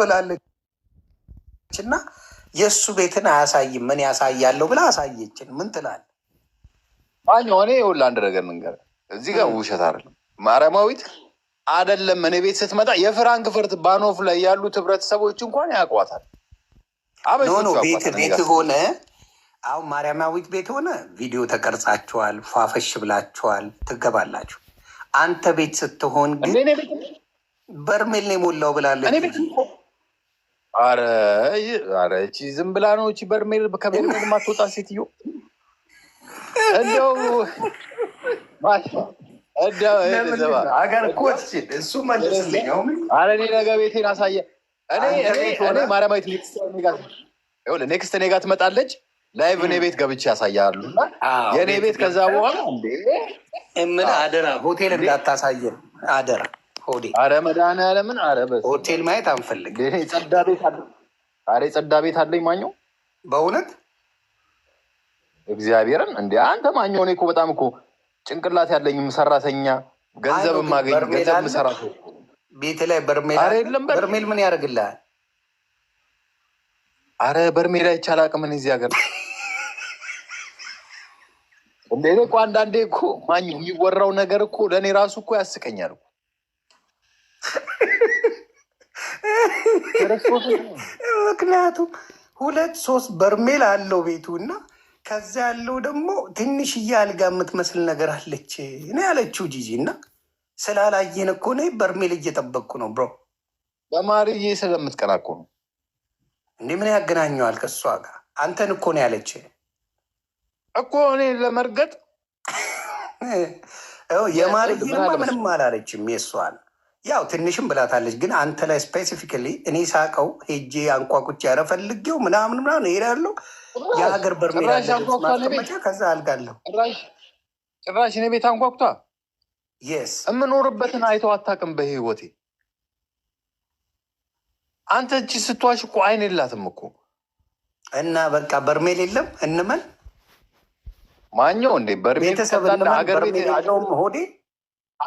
ብላለች እና የእሱ ቤትን አያሳይም ምን ያሳያለሁ ብላ አሳየችን። ምን ትላል ማኝ ሆኔ የሁላ አንድ ነገር ንገር። እዚህ ጋር ውሸት አይደለም ማርያማዊት አይደለም። እኔ ቤት ስትመጣ የፍራንክፈርት ባኖፍ ላይ ያሉት ህብረተሰቦች እንኳን ያውቋታል። ኖኖ ቤት ቤት ሆነ አሁን ማርያማዊት ቤት ሆነ ቪዲዮ ተቀርጻችኋል፣ ፏፈሽ ብላችኋል፣ ትገባላችሁ። አንተ ቤት ስትሆን ግን በርሜል ነው የሞላው ብላለች። አረ አረ እቺ ዝም ብላ ነው እቺ በርሜል ከበርሜል ማትወጣ ሴትዮ እንደው አገር ኮችን እሱ መልስልኝ። አረ ነገ ቤቴን አሳየ። እኔ ማርያማዊት ኔክስት እኔ ጋር ትመጣለች። ላይቭ እኔ ቤት ገብቼ ያሳያሉ። የእኔ ቤት ከዛ በኋላ ምን አደራ ሆቴል እንዳታሳየን አደራ ሆዴ አረ መዳን ያለምን አረ ሆቴል ማየት አንፈልግ። አረ ጸዳ ቤት አለኝ ማኘው በእውነት እግዚአብሔርን እንደ አንተ ማኘው እኔ እኮ በጣም እኮ ጭንቅላት ያለኝም ሰራተኛ ገንዘብ ማገኝ ገንዘብ ምሰራ ቤት ላይ በርሜል ምን ያደርግልሃል? አረ በርሜል አይቻል አቅምን እዚህ ሀገር እንደ እኔ እኮ አንዳንዴ እኮ ማኝ የሚወራው ነገር እኮ ለእኔ ራሱ እኮ ያስቀኛል። ምክንያቱም ሁለት ሶስት በርሜል አለው ቤቱ እና ከዛ ያለው ደግሞ ትንሽዬ አልጋ የምትመስል ነገር አለች ነው ያለችው ጂጂ። እና ስላላየን እኮ እኔ በርሜል እየጠበቅኩ ነው ብሮ። በማርዬ ስለምትቀራ እኮ ነው እንዴ? ምን ያገናኘዋል ከእሷ ጋር? አንተን እኮ ነው ያለች እኮ እኔ ለመርገጥ የማርዬንማ ምንም አላለችም የእሷን ያው ትንሽም ብላታለች፣ ግን አንተ ላይ ስፔሲፊካሊ እኔ ሳቀው ሄጄ አንቋቁጭ ያረፈልጌው ምናምን ምናምን እሄዳለሁ የሀገር በርሜል ማስቀመጫ ከዛ አልጋለሁ ጭራሽ እኔ ቤት አንኳኩታ የስ የምኖርበትን አይተው አታውቅም በህይወቴ። አንተ እጅ ስትዋሽ እኮ አይን የላትም እኮ እና በቃ በርሜል የለም እንመን ማኛው እንዴ በርሜል ቤተሰብ ሆዴ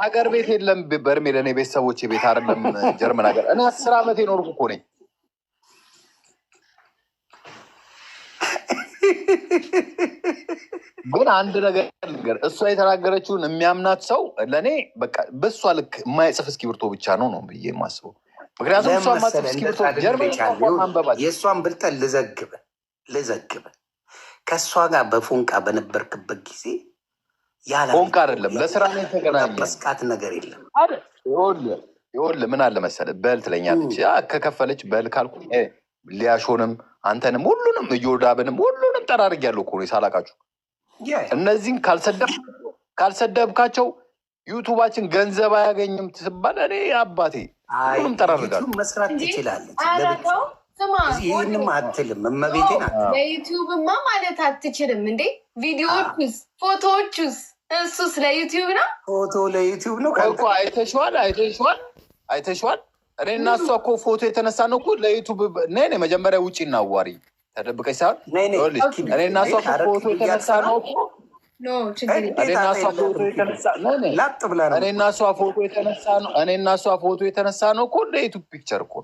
ሀገር ቤት የለም በርሜል። እኔ ቤተሰቦች ቤት አይደለም ጀርመን ሀገር። እኔ አስር ዓመት የኖርኩ እኮ ነኝ። ግን አንድ ነገር እሷ የተናገረችውን የሚያምናት ሰው ለእኔ በቃ በእሷ ልክ የማይጽፍ እስክሪብቶ ብቻ ነው ነው ብዬ የማስበው። ምክንያቱም እሷ የማትጽፍ እስክሪብቶ ጀርመን የእሷን ብልጠን ልዘግበ ልዘግበ ከእሷ ጋር በፎንቃ በነበርክበት ጊዜ ሆንክ አይደለም ለስራ ነው የተገናኘ መስቃት ነገር የለም። ይኸውልህ ምን አለ መሰለህ በል ትለኛለች። ከከፈለች በል ካልኩ ሊያሾንም አንተንም ሁሉንም እዮዳብንም ሁሉንም ጠራርግ ያለው እኮ ሳላቃችሁ። እነዚህን ካልሰደብካቸው ዩቱባችን ገንዘብ አያገኝም ትባል። እኔ አባቴ ሁሉም ጠራርጋለሁ። መስራት ትችላለች። ይህንም አትልም። እመቤቴን ለዩቱብማ ማለት አትችልም እንዴ? ቪዲዮዎቹስ ፎቶዎቹስ እሱ ስለ ዩቲዩብ ነው፣ ፎቶ ለዩቲዩብ ነው እኮ። አይተሽዋል፣ አይተሽዋል፣ አይተሽዋል። እኔ እና እሷ እኮ ፎቶ የተነሳ ነው እኮ ለዩቱብ። ነይ መጀመሪያ ውጭ እናዋሪ፣ ተደብቀሽ ሳይሆን እኔ እና እሷ ፎቶ የተነሳ ነው እኮ እኔና እሷ ፎቶ የተነሳ ነው። እኔና እሷ ፎቶ የተነሳ ነው እኮ ለዩቱብ ፒክቸር እኮ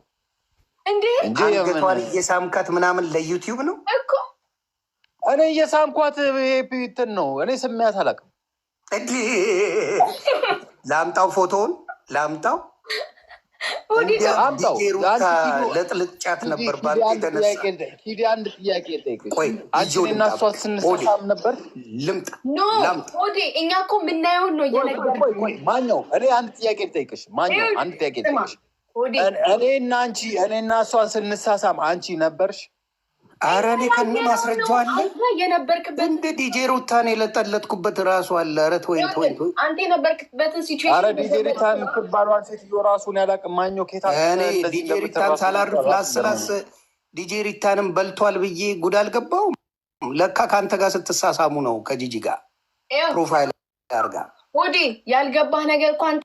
እንዴ! አንገቷን እየሳምካት ምናምን ለዩቲዩብ ነው እኮ። እኔ እየሳምኳት ይሄ እንትን ነው። እኔ ስሚያት አላውቅም ላምጣው፣ ፎቶውን ላምጣው። ለጥልጫት ነበር ባንተነሳኪዲ አንድ ጥያቄ ልጠይቅና እኔ እሷ ስንሳሳም አንቺ ነበርሽ? አረ እኔ ከነ ማስረጃው አለ። እንደ ዲጄ ሩታን የለጠለጥኩበት ራሱ አለ። ኧረ ተወኝ ተወኝ ተወኝ። ኧረ ዲጄ ሩታን ትባሏን ሴትዮ ራሱን ያላቅም ማኘው ኬታ። እኔ ዲጄ ሩታን ሳላርፍ ላስላስ ዲጄ ሪታንም በልቷል ብዬ ጉድ አልገባውም። ለካ ከአንተ ጋር ስትሳሳሙ ነው ከጂጂ ጋር ፕሮፋይል አድርጋ ወዲ ያልገባህ ነገር እኮ አንተ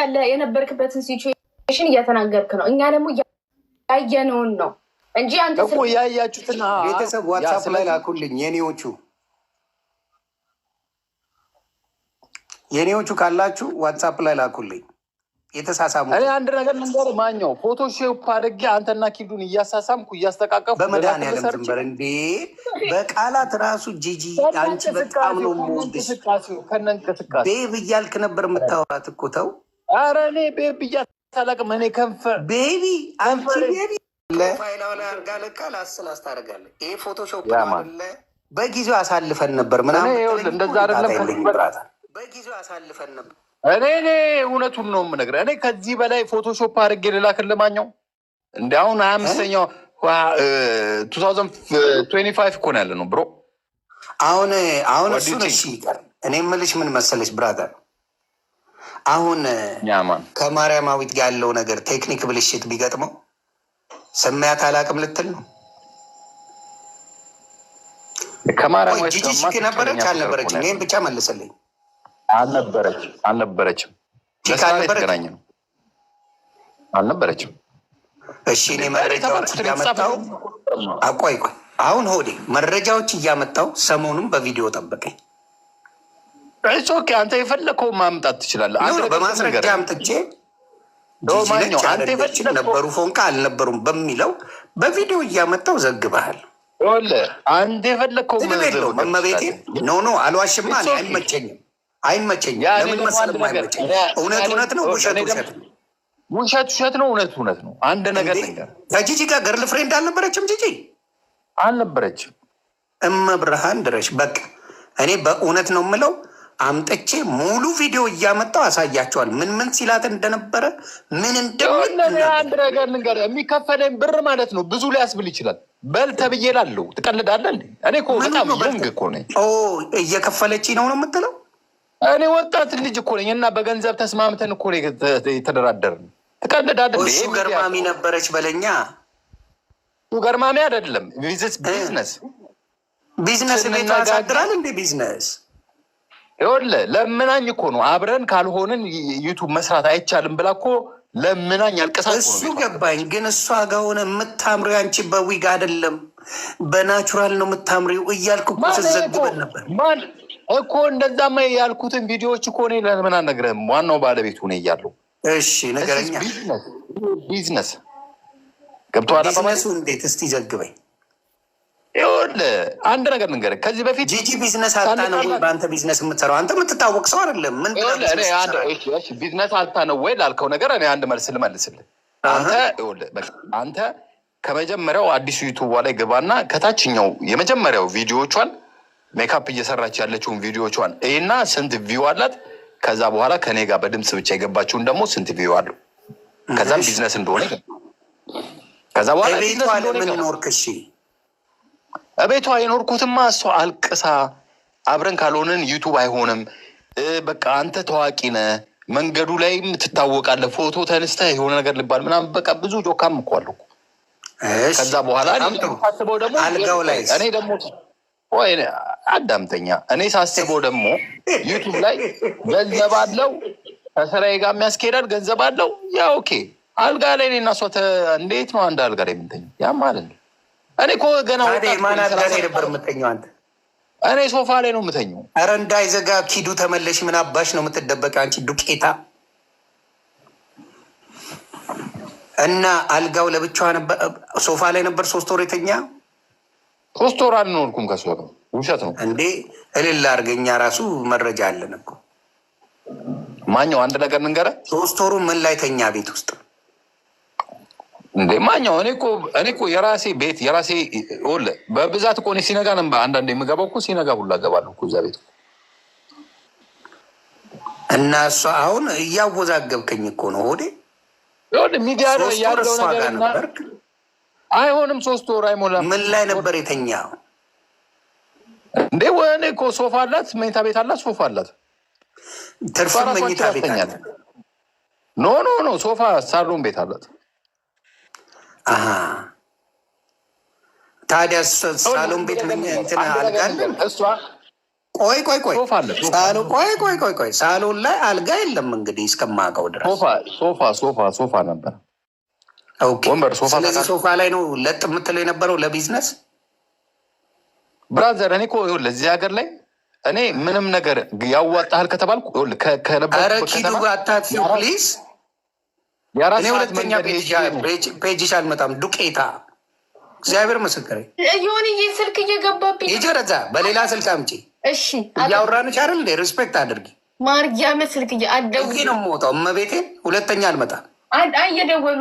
ያለ የነበርክበትን ሲቹዌሽን እያተናገርክ ነው። እኛ ደግሞ ያየነውን ነው እንጂ አንተ እኮ ያያችሁትን ቤተሰብ ዋትሳፕ ላይ ላኩልኝ። የኔዎቹ የኔዎቹ ካላችሁ ዋትሳፕ ላይ ላኩልኝ። የተሳሳሙ እኔ አንድ ነገር ልንገር፣ ማኛው ፎቶሾፕ አድርጌ አንተና ኪዱን እያሳሳምኩ እያስተቃቀፉ በመድኃኒዓለም ዝም በል እንዴ! በቃላት ራሱ ጂጂ፣ አንቺ በጣም ነው የምወድሽ ቤብ እያልክ ነበር የምታወራት እኮ ተው። ኧረ እኔ ቤብ እያላቅም እኔ ከንፈር ቤቢ አንቺ ቤቢ ፋይላውን አድርጋ ይሄ ፎቶሾፕ አለ። በጊዜው አሳልፈን ነበር ምናምን እንደዛ በጊዜው አሳልፈን ነበር። እኔ እኔ እውነቱን ነው የምነግርህ። እኔ ከዚህ በላይ ፎቶሾፕ አድርጌ ሌላ ክልማኛው እንደ አሁን ሀያ አምስተኛው እኮ ነው ያለ ነው ብሮ። አሁን አሁን እሱን እሺ እኔ የምልሽ ምን መሰለሽ ብራዘር አሁን ከማርያማዊት ጋር ያለው ነገር ቴክኒክ ብልሽት ቢገጥመው ሰማያት አላቅም ልትል ነው። ጂጂክ ነበረች አልነበረችም? ብቻ መልስልኝ። አልነበረችም አልነበረችም። እሺ እኔ መረጃዎች እያመጣው ቆይ፣ አሁን ሆዴ መረጃዎች እያመጣው ሰሞኑን በቪዲዮ ጠበቀኝ። ኦኬ አንተ የፈለከው ማምጣት ትችላለህ። በማስረጃ አምጥቼ ጂጂለኝ አንተ የፈችለ ነበሩ ፎንቃ አልነበሩም በሚለው በቪዲዮ እያመጣው ዘግበሃል። አንድ የፈለግከው መቤቴ ኖ ኖ አልዋሽማ። አይመቸኝም፣ አይመቸኝም። ለምን መሰለህ አይመቸኝም። እውነት እውነት ነው፣ ውሸት ውሸት ነው። ውሸት ውሸት ነው፣ እውነት እውነት ነው። አንድ ነገር ነገር ከጂጂ ጋር ገርል ፍሬንድ አልነበረችም። ጂጂ አልነበረችም። እመብርሃን ድረሽ በቃ እኔ በእውነት ነው የምለው አምጠቼ ሙሉ ቪዲዮ እያመጣው አሳያቸዋል። ምን ምን ሲላት እንደነበረ ምን እንደአንድ ነገር ልንገር፣ የሚከፈለኝ ብር ማለት ነው ብዙ ሊያስብል ይችላል። በል ተብዬ ላለው ትቀልዳለህ። እኔ እኮ በጣም ዮንግ እኮ ነኝ። እየከፈለች ነው ነው የምትለው? እኔ ወጣት ልጅ እኮ ነኝ እና በገንዘብ ተስማምተን እኮ የተደራደርን። ትቀልዳለህ። እሱ ገርማሚ ነበረች በለኛ። ገርማሚ አይደለም ቢዝነስ ቢዝነስ ቤቷ አሳድራል እንዴ ቢዝነስ ይኸውልህ ለምናኝ እኮ ነው አብረን ካልሆንን ዩቱብ መስራት አይቻልም ብላ እኮ ለምናኝ አልቀሳ። እሱ ገባኝ። ግን እሷ ጋር ሆነ የምታምሪው አንቺ በዊግ አይደለም በናቹራል ነው የምታምሪው እያልኩ እኮ ስትዘግበን ነበር እኮ። እንደዛማ ያልኩትን ቪዲዮዎች እኮ እኔ ለምን አልነግረህም? ዋናው ባለቤቱ እኔ እያሉ እሺ፣ ነገረኛ ቢዝነስ ገብቶ ቢዝነሱ እንዴት እስቲ ዘግበኝ ይኸውልህ አንድ ነገር ንገርህ። ከዚህ በፊት ጂጂ ቢዝነስ አታ ነው ወይ በአንተ ቢዝነስ የምትሰራው? አንተ የምትታወቅ ሰው አይደለም። ምን ቢዝነስ አታ ነው ወይ ላልከው ነገር እኔ አንድ መልስ ልመልስልህ። አንተ ከመጀመሪያው አዲሱ ዩቱቧ ላይ ግባና ከታችኛው የመጀመሪያው ቪዲዮቿን ሜካፕ እየሰራች ያለችውን ቪዲዮቿን እና ስንት ቪው አላት፣ ከዛ በኋላ ከኔ ጋር በድምፅ ብቻ የገባችውን ደግሞ ስንት ቪው አሉ፣ ከዛም ቢዝነስ እንደሆነ ከዛ በኋላ ምን ኖርክ? እሺ እቤቷ የኖርኩትማ እሷ አልቅሳ አብረን ካልሆነን ዩቱብ አይሆንም፣ በቃ አንተ ታዋቂ ነህ፣ መንገዱ ላይም ትታወቃለህ፣ ፎቶ ተነስተህ የሆነ ነገር ልባል ምናምን በቃ ብዙ ጆካም እኮ ከዛ በኋላ ሳስበው ደግሞ እኔ ደግሞ አዳምጠኛ እኔ ሳስበው ደግሞ ዩቱብ ላይ ገንዘብ አለው ከስራዬ ጋር የሚያስኬዳል ገንዘብ አለው። ያ ኦኬ አልጋ ላይ እኔ እና እሷ እንዴት ነው አንድ አልጋ ላይ የምንተኛው? ያም አለ እኔ እኮ ገና ነበር የምተኛው አንተ። እኔ ሶፋ ላይ ነው የምተኘው። ኧረ እንዳይዘጋ ኪዱ ተመለሽ። ምን አባሽ ነው የምትደበቀ አንቺ ዱቄታ። እና አልጋው ለብቻ ነበር፣ ሶፋ ላይ ነበር። ሶስት ወር የተኛ ሶስት ወር አልኖርኩም ከሱ ነው። ውሸት ነው እንዴ? እልል አድርገኛ። ራሱ መረጃ አለን እኮ ማኛው። አንድ ነገር ንንገረ ሶስት ወሩ ምን ላይ ተኛ? ቤት ውስጥ እንዴ ማኛው እኔ እኮ እኔ እኮ የራሴ ቤት የራሴ ወለ በብዛት እኮ እኔ ሲነጋ ነው አንዳንዴ የምገባው እኮ ሲነጋ ሁላ እገባለሁ እኮ እዛ ቤት እና እሷ አሁን እያወዛገብከኝ እኮ ነው ሆዴ ሚዲያ ነው ያለው ነገር አይሆንም። ሶስት ወር አይሞላም። ምን ላይ ነበር የተኛ እንዴ? ወኔ እኮ ሶፋ አላት፣ መኝታ ቤት አላት፣ ሶፋ አላት፣ ትርፍ መኝታ ቤት አላት። ኖ ኖ ኖ ሶፋ ሳሎን ቤት አላት። ታዲያ ሳሎን ቤት እንትን አልጋ አለ። ቆይ ቆይ ቆይ ቆይ ቆይ ቆይ ቆይ ሳሎን ላይ አልጋ የለም እንግዲህ እስከማውቀው ድረስ ሶፋ ሶፋ ሶፋ ነበር። ስለዚህ ሶፋ ላይ ነው ለጥ የምትለው የነበረው ለቢዝነስ ብራዘር። እኔ እኮ ሀገር ላይ እኔ ምንም ነገር ያዋጣሃል ከተባልኩ ከነበረ ኪዱ ጋር ፕሊዝ እኔ ሁለተኛ ፔጅሽ አልመጣም። ዱቄታ እግዚአብሔር ምስክር የሆን ይህ ስልክ እየገባብኝ ይጀረዛ በሌላ ስልክ አምጪ። እሺ እያወራንሽ አይደል ሪስፔክት አድርጊ። ማርያም ስልክ አደው ነው የምወጣው። እመቤቴን ሁለተኛ አልመጣም። እየደወሉ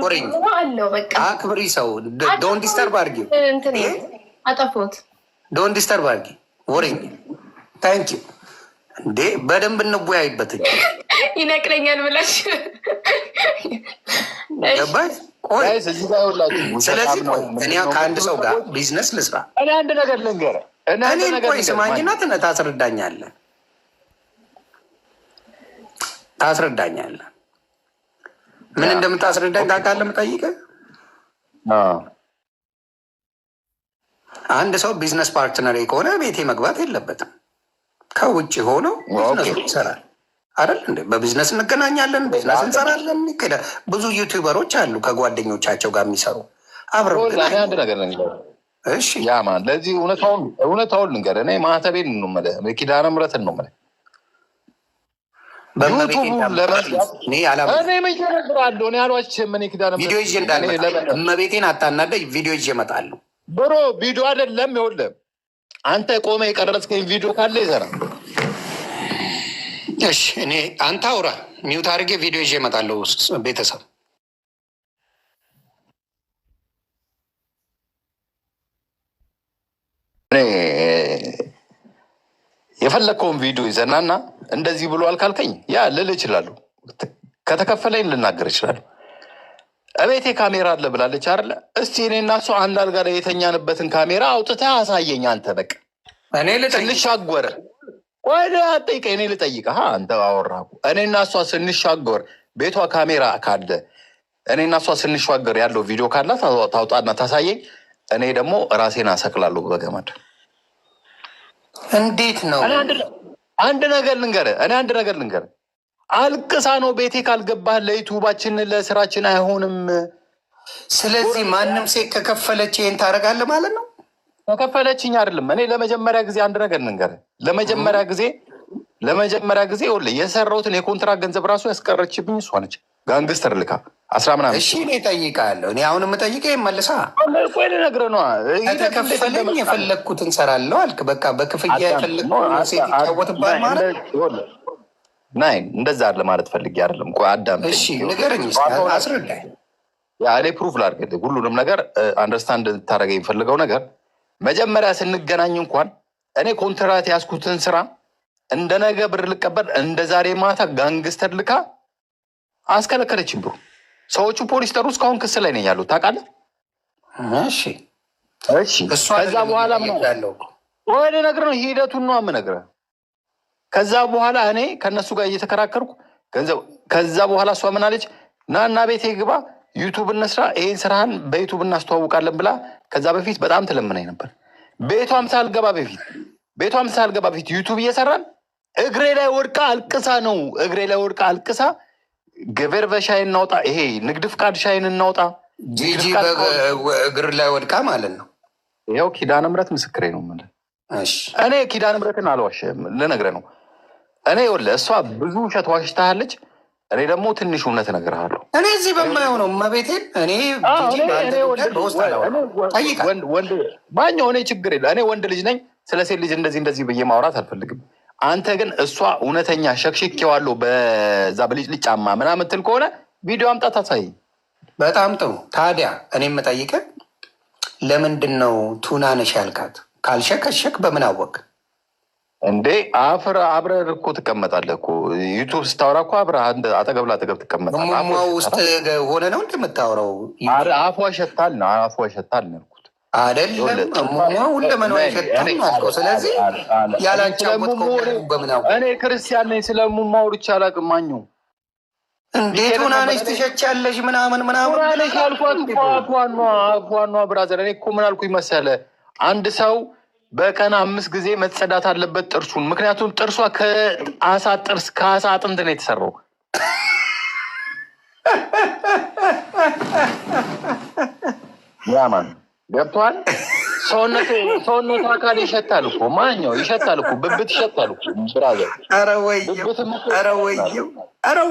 አለው። በቃ አክብሪ ሰው። ዶን ዲስተርብ አድርጊ። አጠፎት ዶን ዲስተርብ አድርጊ። ወሬኝ ታንኪዩ እንዴ በደንብ እንወያይበት እ ይነቅለኛል ብላሽ ገባሽ። ስለዚህ እኔ ከአንድ ሰው ጋር ቢዝነስ ልስራ። እኔ አንድ ነገር ልንገርህ። እኔ ቆይ ስማኝና ትነ ታስረዳኛለህ ታስረዳኛለህ። ምን እንደምታስረዳኝ ታውቃለህ? የምጠይቅህ አንድ ሰው ቢዝነስ ፓርትነር ከሆነ ቤቴ መግባት የለበትም። ከውጭ ሆኖ ይሰራል አይደል እንደ በቢዝነስ እንገናኛለን፣ ቢዝነስ እንሰራለን። ብዙ ዩቲዩበሮች አሉ ከጓደኞቻቸው ጋር የሚሰሩ አብረው። አንድ ነገር ነው። የሚለው እሺ ያ ያማ ለዚህ እውነታውን እውነታውን ልንገር። እኔ ማህተቤን ነው የምልህ፣ ኪዳነ ምሕረትን ነው የምልህ። ቪዲዮ ይዤ እንዳለ እመቤቴን አታናደኝ። ቪዲዮ ይዤ እመጣለሁ ብሮ ቪዲዮ አይደለም ይኸውልህ አንተ ቆመ የቀረጽከኝ ቪዲዮ ካለ ይዘራል። እሺ እኔ አንተ አውራ ሚውት አድርጌ ቪዲዮ ይዤ እመጣለሁ። ቤተሰብ የፈለግከውን ቪዲዮ ይዘናና እንደዚህ ብሎ አልካልከኝ ያ ልል እችላለሁ። ከተከፈለኝ ልናገር እችላለሁ። እቤቴ ካሜራ አለ ብላለች አለ። እስቲ እኔ እና እሱ አንድ አልጋ ላይ የተኛንበትን ካሜራ አውጥተህ አሳየኝ። አንተ በቃ እኔ ስንሻጎር ወደ አጠይቀ እኔ ልጠይቀ አንተ አወራ። እኔ እና እሷ ስንሻጎር ቤቷ ካሜራ ካለ እኔ እና እሷ ስንሻገር ያለው ቪዲዮ ካላት ታውጣና ታሳየኝ። እኔ ደግሞ ራሴን አሰቅላለሁ በገመድ። እንዴት ነው? አንድ ነገር ልንገርህ፣ እኔ አንድ ነገር ልንገርህ አልቅሳ ነው ቤቴ ካልገባህ ለዩቱባችን ለስራችን አይሆንም። ስለዚህ ማንም ሴት ከከፈለች ይህን ታደርጋለህ ማለት ነው። ከከፈለችኝ አይደለም። እኔ ለመጀመሪያ ጊዜ አንድ ነገር ንገር፣ ለመጀመሪያ ጊዜ ለመጀመሪያ ጊዜ ይኸውልህ የሰራሁትን የኮንትራት ገንዘብ ራሱ ያስቀረችብኝ እሷ ነች። ጋንግስተር ልካ አስራ ምናምን እሺ፣ እኔ እጠይቅሃለሁ። እኔ አሁን የምጠይቀ ይመልሳ ቆይ ልነግርህ ነዋ። ከተከፈለኝ የፈለግኩትን እሰራለሁ አልክ። በቃ በክፍያ የፈለግኩት ሴት ይጫወትባል ማለት ናይ እንደዛ አለ ማለት ፈልጌ አይደለም። አዳም አዳምጥ፣ ፕሩፍ ላድርግልህ ሁሉንም ነገር አንደርስታንድ እንድታደረገ የሚፈልገው ነገር መጀመሪያ ስንገናኝ እንኳን እኔ ኮንትራት ያስኩትን ስራ እንደ ነገ ብር ልቀበል እንደ ዛሬ ማታ ጋንግስተር ልካ አስከለከለችኝ። ብሩ ሰዎቹ ፖሊስ ጠሩ። እስካሁን ክስ ላይ ነኝ ያሉት ታውቃለህ። ከዛ በኋላ ወደ ነግር ነው ሂደቱን ነው የምነግርህ ከዛ በኋላ እኔ ከነሱ ጋር እየተከራከርኩ ገንዘብ ከዛ በኋላ እሷ ምን አለች? ና እና ቤቴ ግባ፣ ዩቱብ እንስራ፣ ይህን ስራህን በዩቱብ እናስተዋውቃለን ብላ ከዛ በፊት በጣም ትለምናኝ ነበር። ቤቷም ሳልገባ በፊት ቤቷም ሳልገባ በፊት ዩቱብ እየሰራን እግሬ ላይ ወድቃ አልቅሳ ነው እግሬ ላይ ወድቃ አልቅሳ ገበር በሻይን እናውጣ፣ ይሄ ንግድ ፍቃድ ሻይን እናውጣ። ጂጂ እግር ላይ ወድቃ ማለት ነው። ያው ኪዳነ ምረት ምስክሬ ነው። እኔ ኪዳነ ምረትን አልዋሸም፣ ልነግርህ ነው እኔ ይኸውልህ እሷ ብዙ ውሸት ዋሽታለች። እኔ ደግሞ ትንሽ እውነት እነግርሃለሁ። እኔ እዚህ በማየው ነው መቤቴን እኔ እኔ ችግር የለ እኔ ወንድ ልጅ ነኝ። ስለ ሴት ልጅ እንደዚህ እንደዚህ ብዬ ማውራት አልፈልግም። አንተ ግን እሷ እውነተኛ ሸክሽኬዋለሁ በዛ በልጭልጭ ጫማ ምናምን ትል ከሆነ ቪዲዮ አምጣት አሳይ። በጣም ጥሩ። ታዲያ እኔ የምጠይቅህ ለምንድን ነው ቱና ነሽ ያልካት? ካልሸከሸክ በምን አወቅ? እንዴ አፍር አብረህ እኮ ትቀመጣለህ እኮ ዩቱብ ስታወራ እኮ አብረህ አጠገብ ላጠገብ ትቀመጣለህ። ውስጥ ሆነ ነው እንደምታወራው አፏ ሸታል ነው አፏ ሸታል ነው ያልኩት አይደለም። ስለዚህ እኔ ክርስቲያን ነኝ። ስለ ሙሙ አውርቼ አላውቅም። ማኘው እንዴት ሆናነች ነች ትሸቻለሽ ምናምን ምናምን አልኳት። አፏ ብራዘር እኔ እኮ ምን አልኩኝ መሰለህ አንድ ሰው በቀን አምስት ጊዜ መጸዳት አለበት ጥርሱን። ምክንያቱም ጥርሷ ከአሳ ጥርስ ከአሳ አጥንት ነው የተሰራው። ያማን ገብቷል። ሰውነቱ አካል ይሸታል እኮ ማኛው ይሸታል እኮ ብብት ይሸታል እኮ ብራዘር። ኧረ ኧረ ኧረ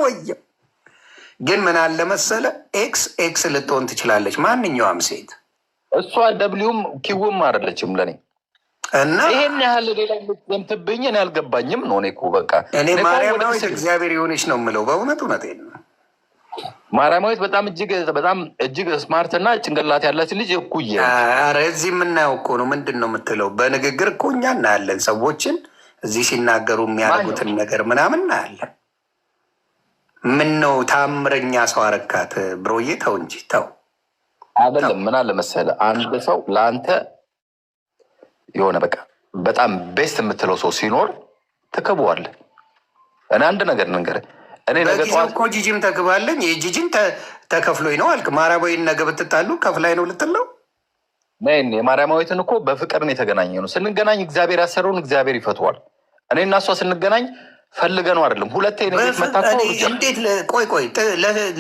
ግን ምን አለ መሰለ ኤክስ ኤክስ ልትሆን ትችላለች ማንኛውም ሴት። እሷ ደብሊውም ኪውም አይደለችም ለኔ እና ይሄን ያህል ሌላ ንትብኝ እኔ አልገባኝም ነው። እኔ እኮ በቃ እኔ ማርያም እግዚአብሔር የሆነች ነው የምለው በእውነት እውነት ማርያማዊት በጣም እጅግ በጣም እጅግ ስማርት እና ጭንቅላት ያላት ልጅ እኩየ ኧረ እዚህ የምናየው እኮ ነው። ምንድን ነው የምትለው? በንግግር እኮ እኛ እናያለን ሰዎችን እዚህ ሲናገሩ የሚያደርጉትን ነገር ምናምን እናያለን። ምን ነው ታምረኛ ሰው አረካት ብሮዬ፣ ተው እንጂ ተው። አይደለም ምን አለ መሰለህ አንድ ሰው ለአንተ የሆነ በቃ በጣም ቤስት የምትለው ሰው ሲኖር ትከበዋለህ። እኔ አንድ ነገር ነገር እኔ ነገ ጠዋት እኮ ጂጂም ተግባለኝ። ይህ ተከፍሎኝ ነው አልክ። ማርያማዊን ነገ ብትጣሉ ከፍላይ ነው ልትል ነው? ነይን የማርያማዊትን እኮ በፍቅር ነው የተገናኘ ነው። ስንገናኝ እግዚአብሔር ያሰረውን እግዚአብሔር ይፈተዋል። እኔ እናሷ ስንገናኝ ፈልገ ነው አይደለም። ሁለቴ እንዴት? ቆይ ቆይ፣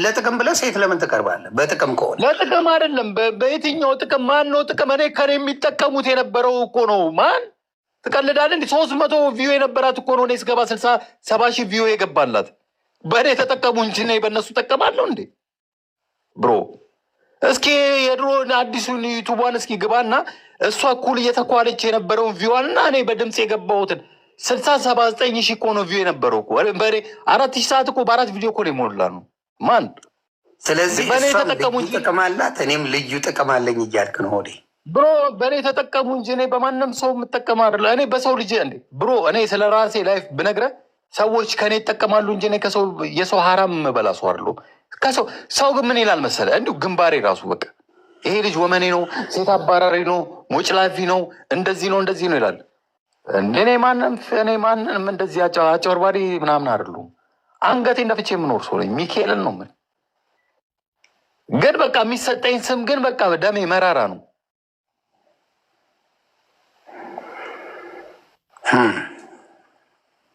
ለጥቅም ብለህ ሴት ለምን ትቀርባለህ? በጥቅም ከሆነ ለጥቅም አይደለም። በየትኛው ጥቅም? ማን ነው ጥቅም? እኔ ከኔ የሚጠቀሙት የነበረው እኮ ነው። ማን ትቀልዳለህ? እንዲ ሶስት መቶ ቪዮ የነበራት እኮ ነው። እኔ ስገባ ስልሳ ሰባ ሺህ ቪዮ የገባላት በእኔ ተጠቀሙ እንጂ እኔ በእነሱ ጠቀማለሁ እንዴ? ብሮ እስኪ የድሮ አዲሱን ዩቱቧን እስኪ ግባና እሷ እኩል እየተኳለች የነበረውን ቪዋንና እኔ በድምፅ የገባሁትን ስልሳ ሰባ ዘጠኝ ሺ እኮ ነው ቪው የነበረው እኮ በሬ አራት ሺ ሰዓት እኮ በአራት ቪዲዮ እኮ ነው የሞላ ነው ማን ስለዚህ ጥቅም አላት እኔም ልዩ ጥቅም አለኝ እያልክ ነው ሆዴ ብሮ በእኔ ተጠቀሙ እንጂ እኔ በማንም ሰው የምጠቀም አይደለ እኔ በሰው ልጅ እንዴ ብሮ እኔ ስለ ራሴ ላይፍ ብነግረ ሰዎች ከእኔ ይጠቀማሉ እንጂ እኔ ከሰው የሰው ሀራም የምበላ ሰው አይደለሁም ከሰው ሰው ግን ምን ይላል መሰለ እንዲሁ ግንባሬ ራሱ በቃ ይሄ ልጅ ወመኔ ነው ሴት አባራሪ ነው ሞጭላፊ ነው እንደዚህ ነው እንደዚህ ነው ይላል እኔ ማንም እኔ ማንም እንደዚህ አጨበርባሪ ምናምን አይደሉም። አንገቴ እንደፍቼ የምኖር ሰው ነኝ። ሚካኤልን ነው ምን ግን በቃ የሚሰጠኝ ስም ግን በቃ ደሜ መራራ ነው።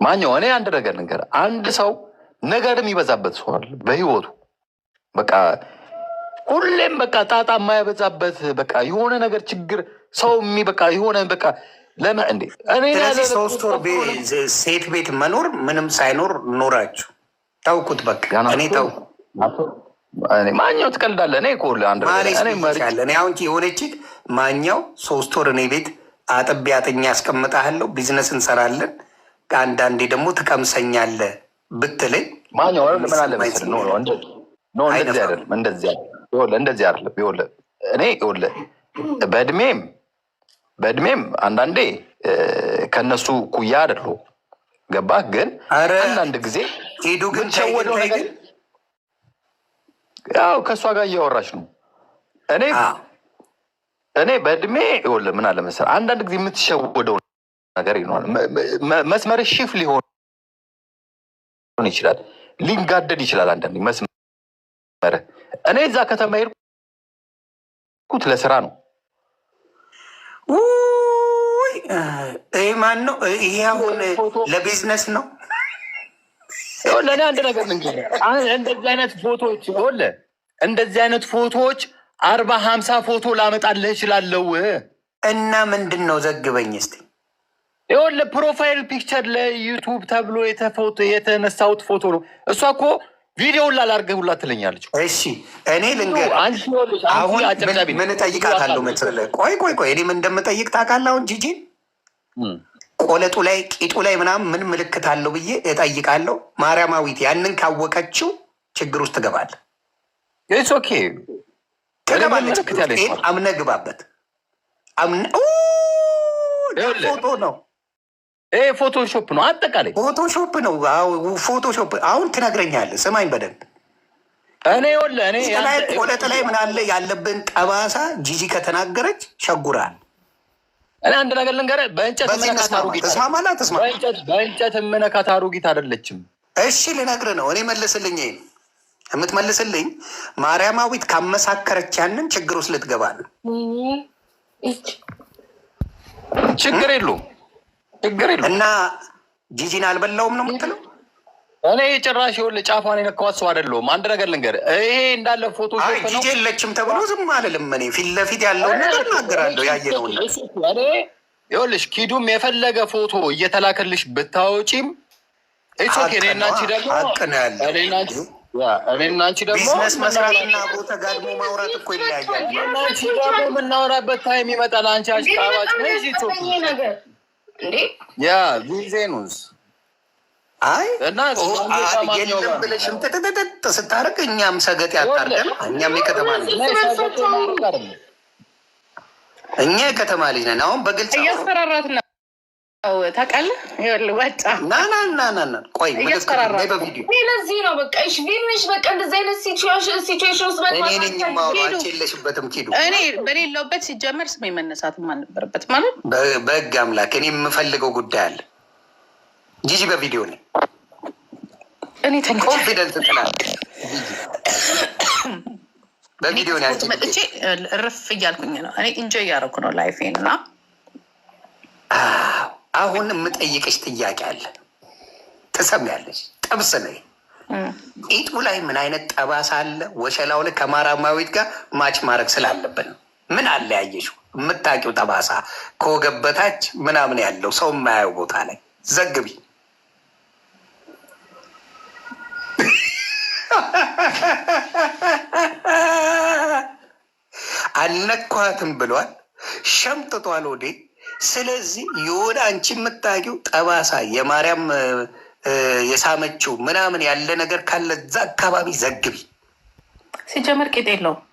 ማኛው እኔ አንድ ነገር ነገር አንድ ሰው ነገር የሚበዛበት ሰዋል በህይወቱ በቃ ሁሌም በቃ ጣጣ የማያበዛበት በቃ የሆነ ነገር ችግር ሰው በቃ የሆነ በቃ ለምን እንዴ? ስለዚህ ሶስት ወር ሴት ቤት መኖር ምንም ሳይኖር ኖራችሁ ታውቁት። በቃ እኔ ታውቁ ማኛው ትቀልዳለ። እኔ ኮል አንድ አሁን የሆነች ማኛው ሶስት ወር እኔ ቤት አጥቢ አጥኛ ያስቀምጣለሁ፣ ቢዝነስ እንሰራለን፣ አንዳንዴ ደግሞ ትቀምሰኛለህ ብትለኝ ማኛው ምን አለ መሰለህ እንደዚህ አይደለም። እንደዚህ እኔ ይኸውልህ በእድሜም በእድሜም አንዳንዴ ከነሱ ኩያ አደሉ ገባ ግን አንዳንድ ጊዜ ሄዱ ግን ሸወደው ያው ከእሷ ጋር እያወራች ነው። እኔ እኔ በእድሜ ይኸውልህ ምን አለ መሰለህ አንዳንድ ጊዜ የምትሸወደው ነገር ይኖራል። መስመር ሺፍ ሊሆን ይችላል፣ ሊንጋደድ ይችላል። አንዳንድ መስመር እኔ እዛ ከተማ ሄድኩት ለስራ ነው ማን ነው? ይሄ አሁን ለቢዝነስ ነው። ለእኔ አንድ ነገር እንደዚህ አይነት ፎቶዎች ሆለ እንደዚህ አይነት ፎቶዎች አርባ ሀምሳ ፎቶ ላመጣልህ እችላለሁ። እና ምንድን ነው ዘግበኝ እስኪ። ፕሮፋይል ፒክቸር ለዩቱብ ተብሎ የተነሳሁት ፎቶ ነው። እሷ እኮ ቪዲዮውን ላላርገ ትለኛለች። እሺ እኔ ልንገር፣ አሁን ምን እጠይቃታለሁ መሰለህ? ቆይ ቆይ ቆይ፣ እኔ ምን እንደምጠይቅ ታውቃለህ? አሁን ጂጂ ቆለጡ ላይ ቂጡ ላይ ምናምን ምን ምልክት አለው ብዬ እጠይቃለሁ። ማርያማዊት ያንን ካወቀችው ችግር ውስጥ ትገባለህ። ኦኬ ትገባለህ። አምነህ ግባበት። አምነህ ነው ይሄ ፎቶሾፕ ነው፣ አጠቃላይ ፎቶሾፕ ነው። ፎቶሾፕ አሁን ትነግረኛለህ። ስማኝ በደንብ እኔ ወለ እኔ ላይ ቆለጥ ላይ ምን አለ ያለብን ጠባሳ ጂጂ ከተናገረች ሸጉራል። እኔ አንድ ነገር ልንገርህ፣ በእንጨት የምነካት አሮጊት ተስማ በእንጨት የምነካት አሮጊት አይደለችም። እሺ ልነግርህ ነው። እኔ መልስልኝ፣ ይሄ የምትመልስልኝ ማርያማዊት ካመሳከረች ያንን ችግር ውስጥ ልትገባ ነው። ችግር የለውም ችግር የለም እና ጂጂን አልበላውም ነው የምትለው? እኔ የጭራሽ ይኸውልህ ጫፏን የነካኋት ሰው አይደለሁም። አንድ ነገር ልንገር፣ ይሄ እንዳለ ፎቶ ጂጂ የለችም ተብሎ ዝም አልልም። እኔ ፊት ለፊት ያለውን ነገር እናገራለሁ። ያየነውን ይኸውልሽ፣ ኪዱም የፈለገ ፎቶ እየተላከልሽ ብታወጪም ኢትስ እኔና አንቺ ደግሞ ሀቅ ነው ደግሞ ቢዝነስ መስራትና ቦታ ጋድሞ ማውራት እኮ ይለያያል። የምናወራበት ታይም ይመጣል። አንቺ አሽቃባጭ ነሽ። እንዴ ያ አይ ብለሽም እኛም ሰገጥ እኛም የከተማ ልጅ እኛ የከተማ ልጅ ነን። አሁን በግልጽ እያስፈራራት ነው። ታውቃለህ በሌለውበት ሲጀመር ስሜ አልነበረበት። ማለት በህግ አምላክ እኔ የምፈልገው ጉዳይ አለ። ጂጂ በቪዲዮ እኔ በቪዲዮ መጥቼ እርፍ እያልኩኝ ነው። እኔ ኢንጆይ እያደረኩ ነው ላይፌን እና አሁን የምጠይቅሽ ጥያቄ አለ። ትሰሚያለሽ? ጥብስ ነይ ኢጡ ላይ ምን አይነት ጠባሳ አለ? ወሸላው ላይ ከማራማዊት ጋር ማች ማድረግ ስላለብን ምን አለያየሽው? የምታውቂው ጠባሳ ከወገብ በታች ምናምን ያለው ሰው የማያየው ቦታ ላይ ዘግቢ። አልነኳትም ብሏል። ሸምጥቷል ወዴ ስለዚህ የሆነ አንቺ የምታውቂው ጠባሳ የማርያም የሳመችው ምናምን ያለ ነገር ካለ እዛ አካባቢ ዘግቢ። ሲጀመር ቂጥ የለውም።